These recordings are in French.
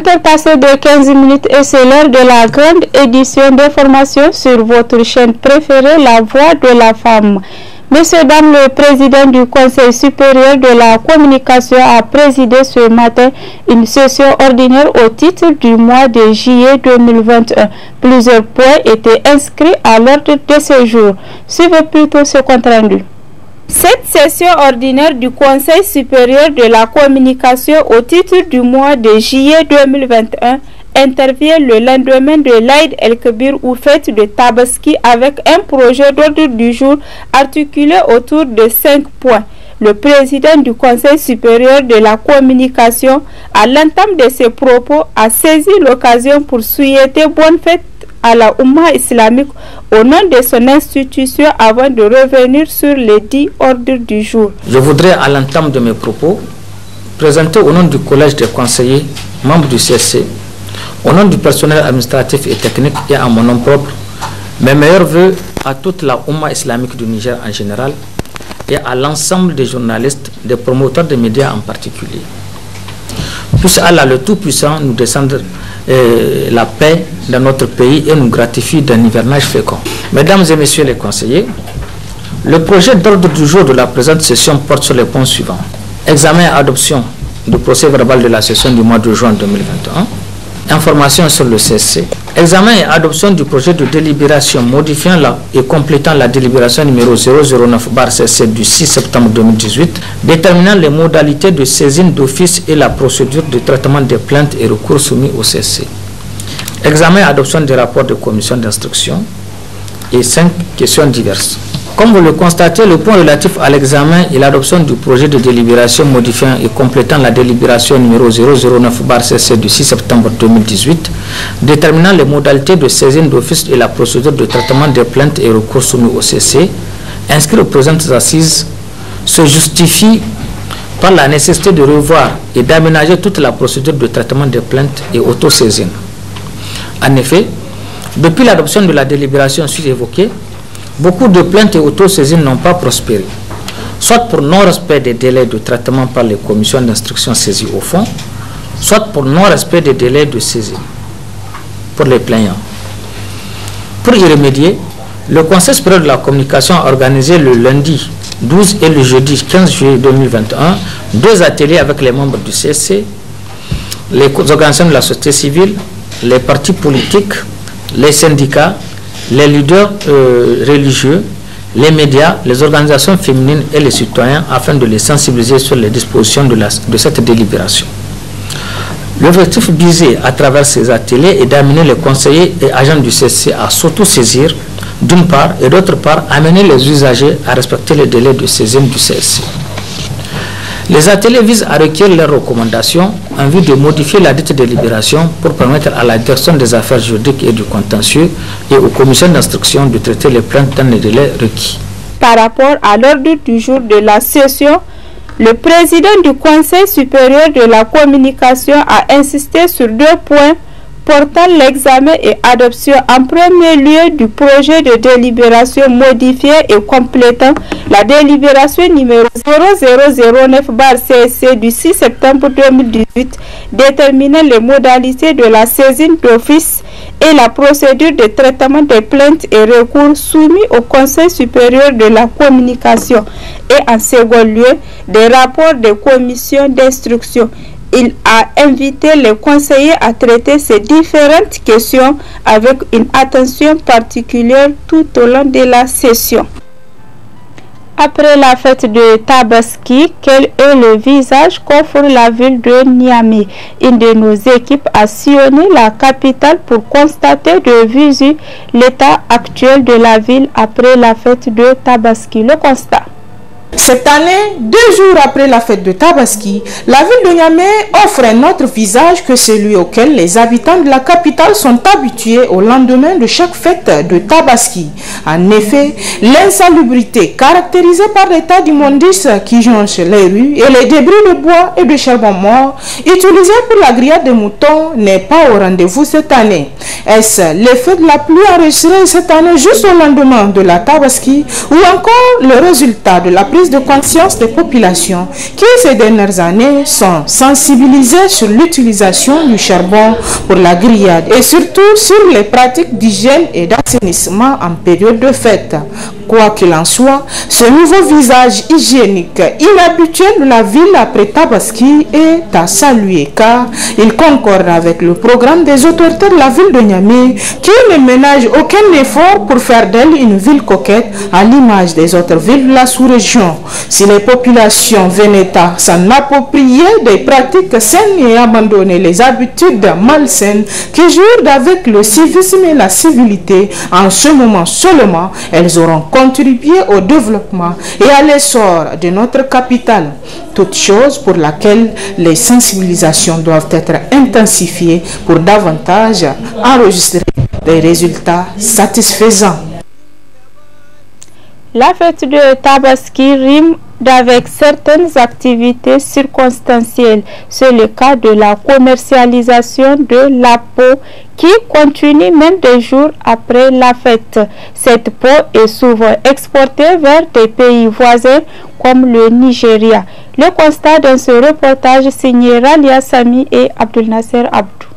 20 de 15 minutes et c'est l'heure de la grande édition d'information sur votre chaîne préférée La Voix de la Femme. Monsieur dame, le président du Conseil supérieur de la communication a présidé ce matin une session ordinaire au titre du mois de juillet 2021. Plusieurs points étaient inscrits à l'ordre de ce jour. Suivez plutôt ce compte rendu. Cette session ordinaire du Conseil supérieur de la communication au titre du mois de juillet 2021 intervient le lendemain de l'Aïd el-Kebir ou fête de Tabaski avec un projet d'ordre du jour articulé autour de cinq points. Le président du Conseil supérieur de la communication, à l'entame de ses propos, a saisi l'occasion pour souhaiter bonne fête à la Oumma islamique au nom de son institution avant de revenir sur les dix ordres du jour. Je voudrais, à l'entame de mes propos, présenter au nom du Collège des conseillers, membres du CSC, au nom du personnel administratif et technique et à mon nom propre, mes meilleurs voeux à toute la Oumma islamique du Niger en général et à l'ensemble des journalistes, des promoteurs de médias en particulier. Puisse Allah le Tout-Puissant nous descendre euh, la paix dans notre pays et nous gratifie d'un hivernage fécond. Mesdames et messieurs les conseillers, le projet d'ordre du jour de la présente session porte sur les points suivants. Examen et adoption du procès verbal de la session du mois de juin 2021 Information sur le CC. Examen et adoption du projet de délibération modifiant la, et complétant la délibération numéro 009-CC du 6 septembre 2018, déterminant les modalités de saisine d'office et la procédure de traitement des plaintes et recours soumis au CC. Examen et adoption des rapports de commission d'instruction. Et cinq questions diverses. Comme vous le constatez, le point relatif à l'examen et l'adoption du projet de délibération modifiant et complétant la délibération numéro 009-CC du 6 septembre 2018, déterminant les modalités de saisine d'office et la procédure de traitement des plaintes et recours soumis au CC, inscrit aux présentes assises, se justifie par la nécessité de revoir et d'aménager toute la procédure de traitement des plaintes et auto-saisine. En effet, depuis l'adoption de la délibération suite évoquée, beaucoup de plaintes et auto-saisines n'ont pas prospéré, soit pour non-respect des délais de traitement par les commissions d'instruction saisies au fond, soit pour non-respect des délais de saisie pour les plaignants. Pour y remédier, le Conseil supérieur de la communication a organisé le lundi 12 et le jeudi 15 juillet 2021 deux ateliers avec les membres du CSC, les organisations de la société civile, les partis politiques, les syndicats les leaders euh, religieux, les médias, les organisations féminines et les citoyens afin de les sensibiliser sur les dispositions de, cette délibération. L'objectif visé à travers ces ateliers est d'amener les conseillers et agents du CC à s'auto-saisir d'une part et d'autre part amener les usagers à respecter les délais de saisine du CSC. Les ateliers visent à recueillir leurs recommandations en vue de modifier la dite délibération pour permettre à la direction des affaires juridiques et du contentieux et aux commissions d'instruction de traiter les plaintes dans les délais requis. Par rapport à l'ordre du jour de la session, le président du Conseil supérieur de la communication a insisté sur deux points portant l'examen et adoption en premier lieu du projet de délibération modifié et complétant la délibération numéro 0009-CC du 6 septembre 2018 déterminant les modalités de la saisine d'office et la procédure de traitement des plaintes et recours soumis au Conseil supérieur de la communication et en second lieu des rapports des commissions d'instruction il a invité les conseillers à traiter ces différentes questions avec une attention particulière tout au long de la session. Après la fête de Tabaski, quel est le visage qu'offre la ville de Niamey Une de nos équipes a sillonné la capitale pour constater de visu l'état actuel de la ville après la fête de Tabaski. Le constat. Cette année, deux jours après la fête de Tabaski, la ville de Niamey offre un autre visage que celui auquel les habitants de la capitale sont habitués au lendemain de chaque fête de Tabaski. En effet, l'insalubrité caractérisée par l'état d'immondice qui jonche les rues et les débris de bois et de charbon mort utilisés pour la grillade des moutons n'est pas au rendez-vous cette année. Est-ce l'effet de la pluie enregistrée cette année juste au lendemain de la Tabaski ou encore le résultat de la pluie de conscience des populations qui ces dernières années sont sensibilisées sur l'utilisation du charbon pour la grillade et surtout sur les pratiques d'hygiène et d'assainissement en période de fête. Quoi qu'il en soit, ce nouveau visage hygiénique inhabituel de la ville après Tabaski est à saluer car il concorde avec le programme des autorités de la ville de Niamey qui ne ménage aucun effort pour faire d'elle une ville coquette à l'image des autres villes de la sous-région. Si les populations venaient à s'en approprier des pratiques saines et abandonner les habitudes malsaines qui jouent avec le civisme et la civilité, en ce moment seulement, elles auront contribué au développement et à l'essor de notre capitale. Toute chose pour laquelle les sensibilisations doivent être intensifiées pour davantage enregistrer des résultats satisfaisants. La fête de Tabaski rime avec certaines activités circonstancielles. C'est le cas de la commercialisation de la peau qui continue même des jours après la fête. Cette peau est souvent exportée vers des pays voisins comme le Nigeria. Le constat dans ce reportage signé Ralia Sami et Abdel Nasser Abdou.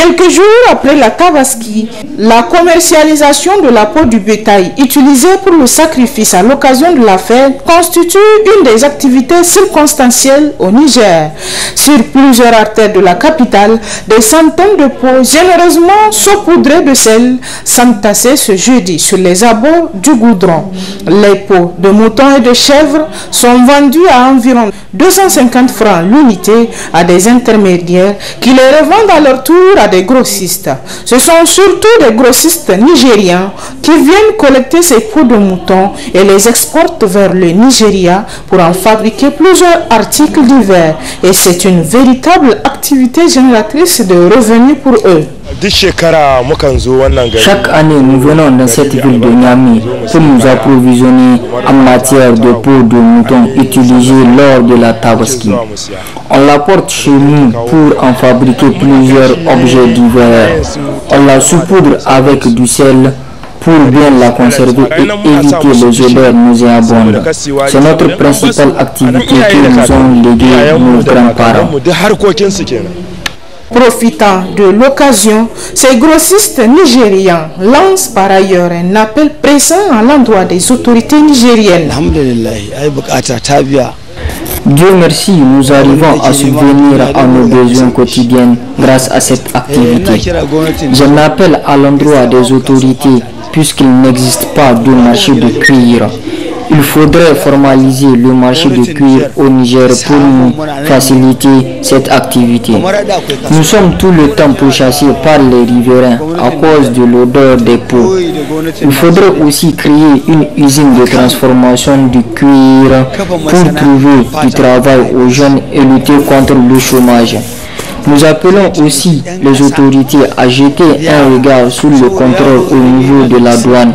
Quelques jours après la tabaski, la commercialisation de la peau du bétail utilisée pour le sacrifice à l'occasion de la fête constitue une des activités circonstancielles au Niger. Sur plusieurs artères de la capitale, des centaines de peaux généreusement saupoudrées de sel s'entassaient ce jeudi sur les abords du goudron. Les peaux de moutons et de chèvres sont vendues à environ 250 francs l'unité à des intermédiaires qui les revendent à leur tour des grossistes. Ce sont surtout des grossistes nigériens qui viennent collecter ces peaux de mouton et les exportent vers le Nigeria pour en fabriquer plusieurs articles divers. Et c'est une véritable activité génératrice de revenus pour eux. Chaque année, nous venons dans cette ville de Niamey pour nous approvisionner en matière de peau de mouton utilisée lors de la tabaski. On la porte chez nous pour en fabriquer plusieurs objets divers. On la saupoudre avec du sel pour bien la conserver et éviter les odeurs nauséabondes. C'est notre principale activité que nous ont légué nos grands-parents. Profitant de l'occasion, ces grossistes nigériens lancent par ailleurs un appel pressant à l'endroit des autorités nigériennes. Dieu merci, nous arrivons à subvenir à nos besoins quotidiens grâce à cette eh, activité. Je m'appelle à l'endroit des autorités puisqu'il n'existe pas de marché de cuir. Il faudrait formaliser le marché de cuir au Niger pour nous faciliter cette activité. Nous sommes tout le temps pourchassés par les riverains à cause de l'odeur des peaux. Il faudrait aussi créer une usine de transformation du cuir pour trouver du travail aux jeunes et lutter contre le chômage. Nous appelons aussi les autorités à jeter un regard sur le contrôle au niveau de la douane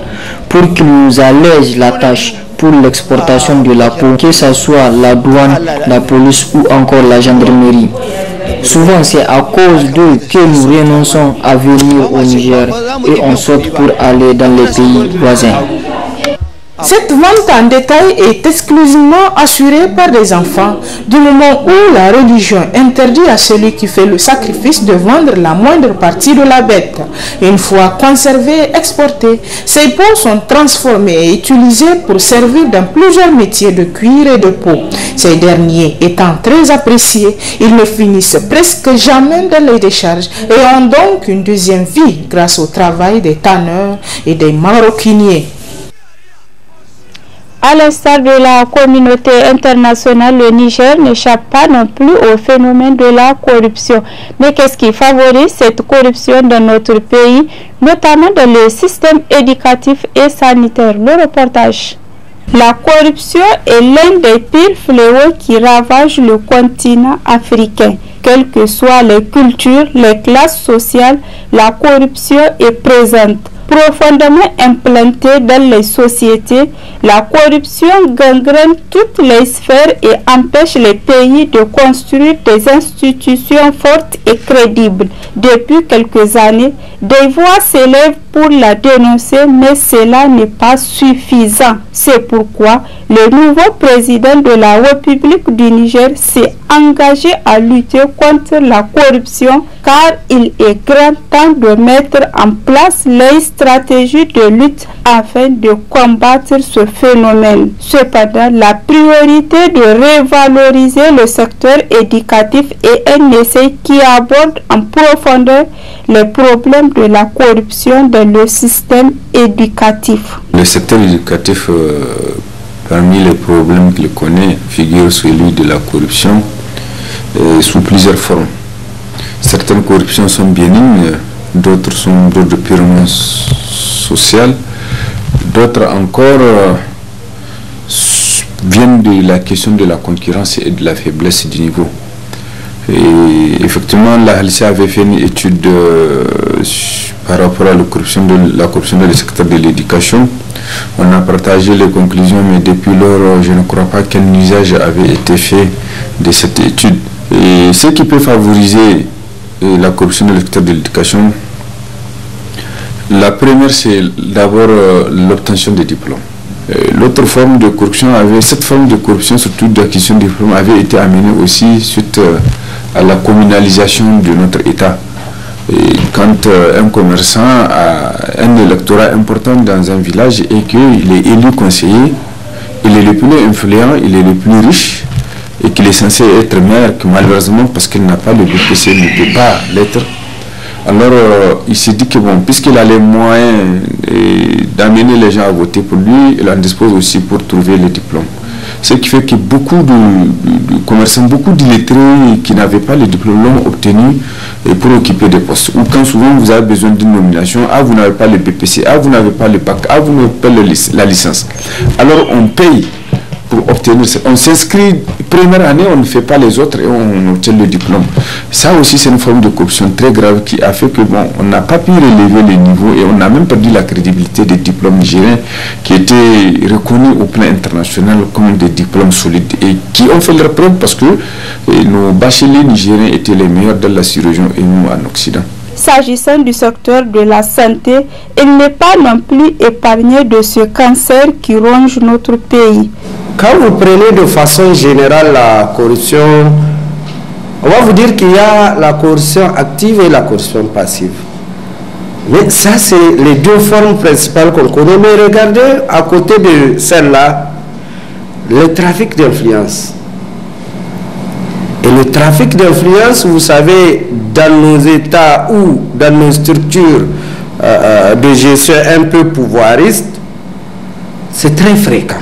pour qu'ils nous allègent la tâche pour l'exportation de la peau, que ce soit la douane, la police ou encore la gendarmerie. Souvent, c'est à cause d'eux que nous renonçons à venir au Niger et on saute pour aller dans les pays voisins. Ah. Cette vente en détail est exclusivement assurée par des enfants, du moment où la religion interdit à celui qui fait le sacrifice de vendre la moindre partie de la bête. Une fois conservée et exportée, ces peaux sont transformées et utilisées pour servir dans plusieurs métiers de cuir et de peau. Ces derniers étant très appréciés, ils ne finissent presque jamais dans les décharges et ont donc une deuxième vie grâce au travail des tanneurs et des maroquiniers. À l'instar de la communauté internationale, le Niger n'échappe pas non plus au phénomène de la corruption. Mais qu'est-ce qui favorise cette corruption dans notre pays, notamment dans le système éducatif et sanitaire Le reportage. La corruption est l'un des pires fléaux qui ravagent le continent africain. Quelles que soient les cultures, les classes sociales, la corruption est présente profondément implantée dans les sociétés, la corruption gangrène toutes les sphères et empêche les pays de construire des institutions fortes et crédibles. Depuis quelques années, des voix s'élèvent pour la dénoncer, mais cela n'est pas suffisant. C'est pourquoi le nouveau président de la République du Niger s'est engagé à lutter contre la corruption car il est grand temps de mettre en place les stratégies de lutte afin de combattre ce phénomène. Cependant, la priorité de revaloriser le secteur éducatif est un essai qui aborde en profondeur les problèmes de la corruption dans le système éducatif. Le secteur éducatif, euh, parmi les problèmes qu'il connaît, figure celui de la corruption euh, sous plusieurs formes. Certaines corruptions sont bénignes, d'autres sont de purement social, d'autres encore euh, viennent de la question de la concurrence et de la faiblesse du niveau. Et effectivement, la avait fait une étude euh, par rapport à la corruption, de, la corruption dans le secteur de l'éducation. On a partagé les conclusions, mais depuis lors, je ne crois pas qu'un usage avait été fait de cette étude. Et ce qui peut favoriser euh, la corruption de l'électeur de l'éducation, la première, c'est d'abord euh, l'obtention des diplômes. Euh, l'autre forme de corruption avait, cette forme de corruption, surtout d'acquisition de diplômes, avait été amenée aussi suite à la communalisation de notre État. quand un commerçant a un électorat important dans un village et qu'il est élu conseiller, il est le plus influent, il est le plus riche, et qu'il est censé être maire, que malheureusement, parce qu'il n'a pas le BPC, il ne peut pas l'être. Alors, euh, il s'est dit que, bon, puisqu'il a les moyens eh, d'amener les gens à voter pour lui, il en dispose aussi pour trouver les diplôme Ce qui fait que beaucoup de, commerçants, beaucoup d'illettrés qui n'avaient pas le diplôme l'ont obtenu eh, pour occuper des postes. Ou quand souvent vous avez besoin d'une nomination, ah vous n'avez pas le BPC, ah vous n'avez pas le PAC, ah vous n'avez pas la licence. Alors on paye obtenir On s'inscrit première année, on ne fait pas les autres et on obtient le diplôme. Ça aussi, c'est une forme de corruption très grave qui a fait que bon, on n'a pas pu relever le niveaux et on a même perdu la crédibilité des diplômes nigériens qui étaient reconnus au plan international comme des diplômes solides et qui ont fait leur preuve parce que eh, nos bacheliers nigériens étaient les meilleurs dans la sous et nous en Occident. S'agissant du secteur de la santé, il n'est pas non plus épargné de ce cancer qui ronge notre pays. Quand vous prenez de façon générale la corruption, on va vous dire qu'il y a la corruption active et la corruption passive. Mais ça, c'est les deux formes principales qu'on connaît. Mais regardez, à côté de celle-là, le trafic d'influence. Et le trafic d'influence, vous savez, dans nos États ou dans nos structures euh, euh, de gestion un peu pouvoiristes, c'est très fréquent.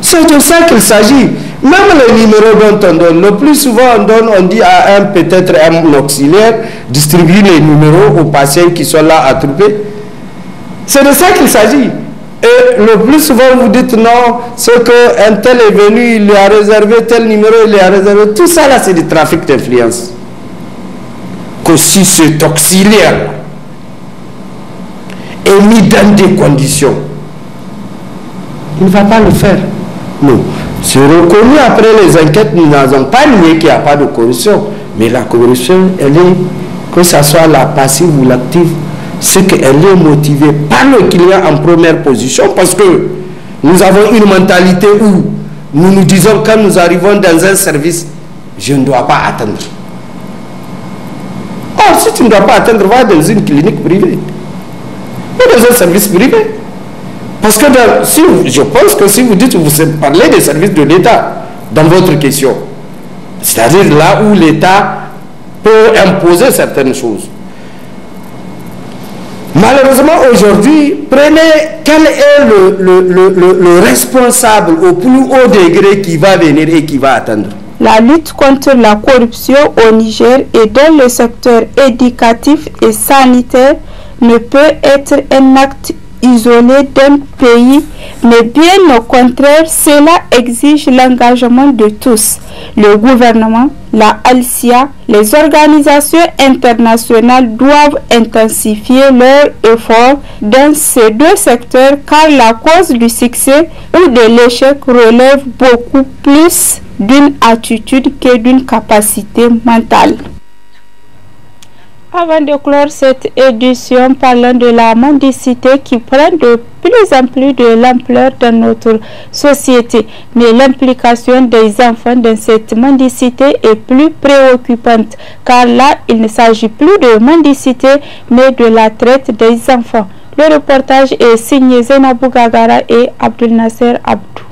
C'est de ça qu'il s'agit. Même les numéros dont on donne, le plus souvent on donne, on dit à un peut-être un auxiliaire, distribuer les numéros aux patients qui sont là à trouver. C'est de ça qu'il s'agit. Et le plus souvent vous dites non, c'est qu'un tel est venu, il lui a réservé tel numéro, il lui a réservé. Tout ça là, c'est du trafic d'influence. Que si cet auxiliaire est mis dans des conditions, il ne va pas le faire. Non. C'est reconnu après les enquêtes, nous n'avons pas nié qu'il n'y a pas de corruption. Mais la corruption, elle est, que ce soit la passive ou l'active, c'est qu'elle est motivée par le client en première position parce que nous avons une mentalité où nous nous disons quand nous arrivons dans un service, je ne dois pas attendre. Or, si tu ne dois pas attendre, va dans une clinique privée Va dans un service privé. Parce que ben, si je pense que si vous dites vous parlez des services de l'État dans votre question, c'est-à-dire là où l'État peut imposer certaines choses. Malheureusement, aujourd'hui, prenez quel est le, le, responsable au plus haut degré qui va venir et qui va attendre. La lutte contre la corruption au Niger et dans le secteur éducatif et sanitaire ne peut être un acte isolés d'un pays, mais bien au contraire, cela exige l'engagement de tous, le gouvernement, la ALSIA, les organisations internationales doivent intensifier leurs efforts dans ces deux secteurs car la cause du succès ou de l'échec relève beaucoup plus d'une attitude que d'une capacité mentale. Avant de clore cette édition, parlons de la mendicité qui prend de plus en plus de l'ampleur dans notre société. Mais l'implication des enfants dans cette mendicité est plus préoccupante car là, il ne s'agit plus de mendicité mais de la traite des enfants. Le reportage est signé Zenabou Gagara et Abdel Nasser Abdou.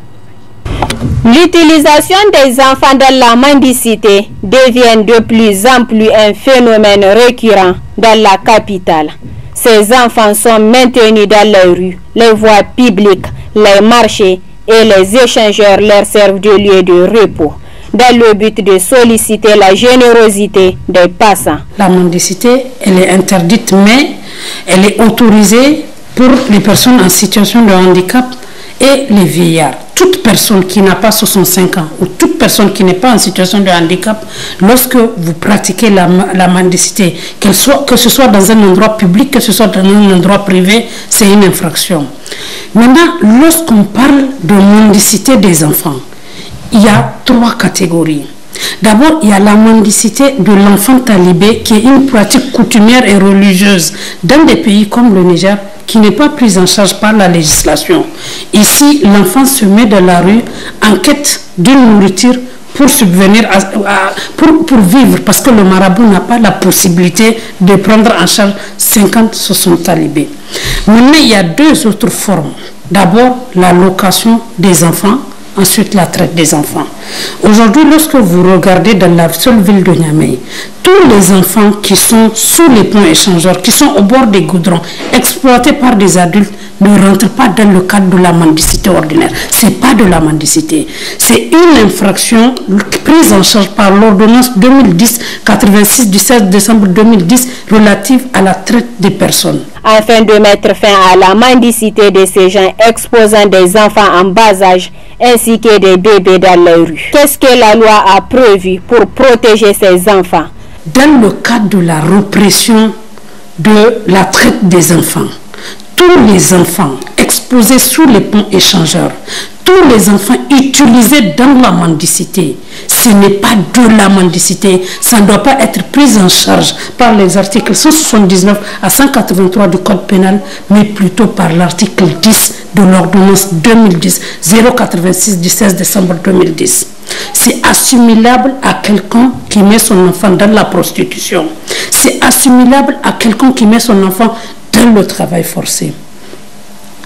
L'utilisation des enfants dans la mendicité devient de plus en plus un phénomène récurrent dans la capitale. Ces enfants sont maintenus dans les rues, les voies publiques, les marchés et les échangeurs leur servent de lieu de repos dans le but de solliciter la générosité des passants. La mendicité, elle est interdite, mais elle est autorisée pour les personnes en situation de handicap et les vieillards. Toute personne qui n'a pas 65 ans ou toute personne qui n'est pas en situation de handicap, lorsque vous pratiquez la, mendicité, soit, que ce soit dans un endroit public, que ce soit dans un endroit privé, c'est une infraction. Maintenant, lorsqu'on parle de mendicité des enfants, il y a trois catégories. D'abord, il y a la mendicité de l'enfant talibé qui est une pratique coutumière et religieuse dans des pays comme le Niger qui n'est pas prise en charge par la législation. Ici, l'enfant se met dans la rue en quête d'une nourriture pour subvenir pour, pour, vivre parce que le marabout n'a pas la possibilité de prendre en charge 50 60 talibés. Mais il y a deux autres formes. D'abord, la location des enfants ensuite la traite des enfants. Aujourd'hui, lorsque vous regardez dans la seule ville de Niamey, tous les enfants qui sont sous les ponts échangeurs, qui sont au bord des goudrons, exploités par des adultes, ne rentre pas dans le cadre de la mendicité ordinaire. Ce n'est pas de la mendicité. C'est une infraction prise en charge par l'ordonnance 2010-86 du 16 décembre 2010 relative à la traite des personnes. Afin de mettre fin à la mendicité de ces gens exposant des enfants en bas âge ainsi que des bébés dans les rue. Qu'est-ce que la loi a prévu pour protéger ces enfants Dans le cadre de la repression de la traite des enfants, tous les enfants exposés sous les ponts échangeurs, tous les enfants utilisés dans la mendicité. Ce n'est pas de la mendicité, ça ne doit pas être pris en charge par les articles 179 à 183 du Code pénal, mais plutôt par l'article 10 de l'ordonnance 2010-086 du 16 décembre 2010. C'est assimilable à quelqu'un qui met son enfant dans la prostitution. C'est assimilable à quelqu'un qui met son enfant le travail forcé.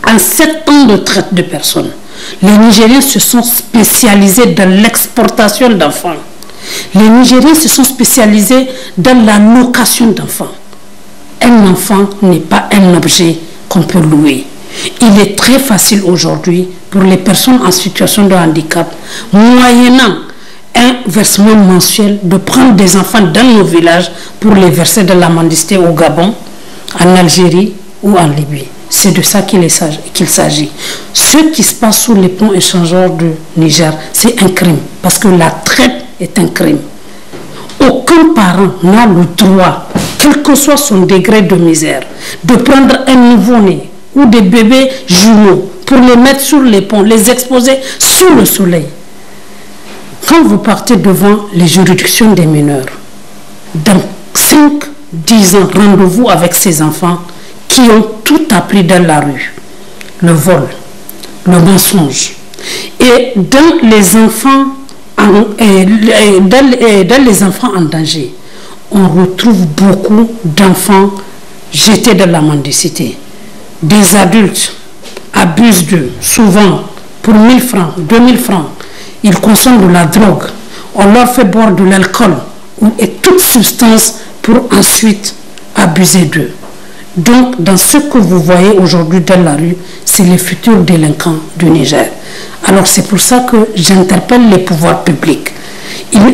En sept ans de traite de personnes, les Nigériens se sont spécialisés dans l'exportation d'enfants. Les Nigériens se sont spécialisés dans la location d'enfants. Un enfant n'est pas un objet qu'on peut louer. Il est très facile aujourd'hui pour les personnes en situation de handicap, moyennant un versement mensuel, de prendre des enfants dans nos villages pour les verser de la au Gabon en Algérie ou en Libye. C'est de ça qu'il s'agit. Ce qui se passe sous les ponts échangeurs de Niger, c'est un crime, parce que la traite est un crime. Aucun parent n'a le droit, quel que soit son degré de misère, de prendre un nouveau-né ou des bébés jumeaux pour les mettre sur les ponts, les exposer sous le soleil. Quand vous partez devant les juridictions des mineurs, dans 5 10 ans, rendez-vous avec ces enfants qui ont tout appris dans la rue. Le vol, le mensonge. Et dans les enfants en, dans les enfants en danger, on retrouve beaucoup d'enfants jetés dans la mendicité. Des adultes abusent d'eux, souvent pour 1000 francs, 2000 francs. Ils consomment de la drogue, on leur fait boire de l'alcool et toute substance pour ensuite abuser d'eux. Donc, dans ce que vous voyez aujourd'hui dans la rue, c'est les futurs délinquants du Niger. Alors, c'est pour ça que j'interpelle les pouvoirs publics.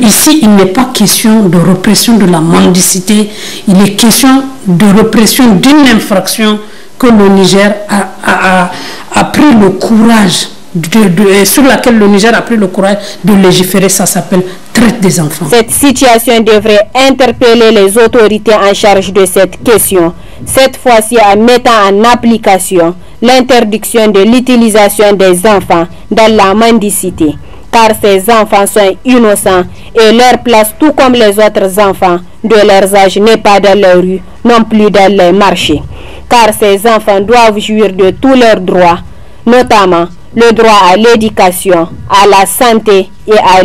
ici, il n'est pas question de repression de la mendicité, il est question de repression d'une infraction que le Niger a, a, a pris le courage euh, sur laquelle le Niger a pris le courage de légiférer, ça s'appelle traite des enfants. Cette situation devrait interpeller les autorités en charge de cette question, cette fois-ci en mettant en application l'interdiction de l'utilisation des enfants dans la mendicité, car ces enfants sont innocents et leur place, tout comme les autres enfants de leur âge, n'est pas dans les rues, non plus dans les marchés, car ces enfants doivent jouir de tous leurs droits, notamment le droit à l'éducation, à la santé et à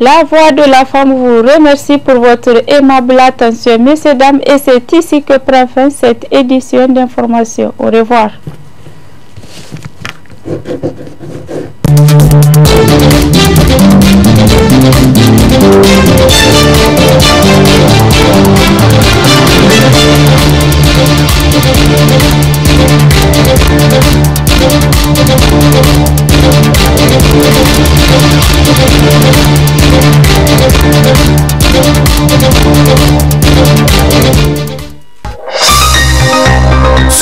la voix de la femme vous remercie pour votre aimable attention, messieurs, dames, et c'est ici que prend fin cette édition d'information. Au revoir.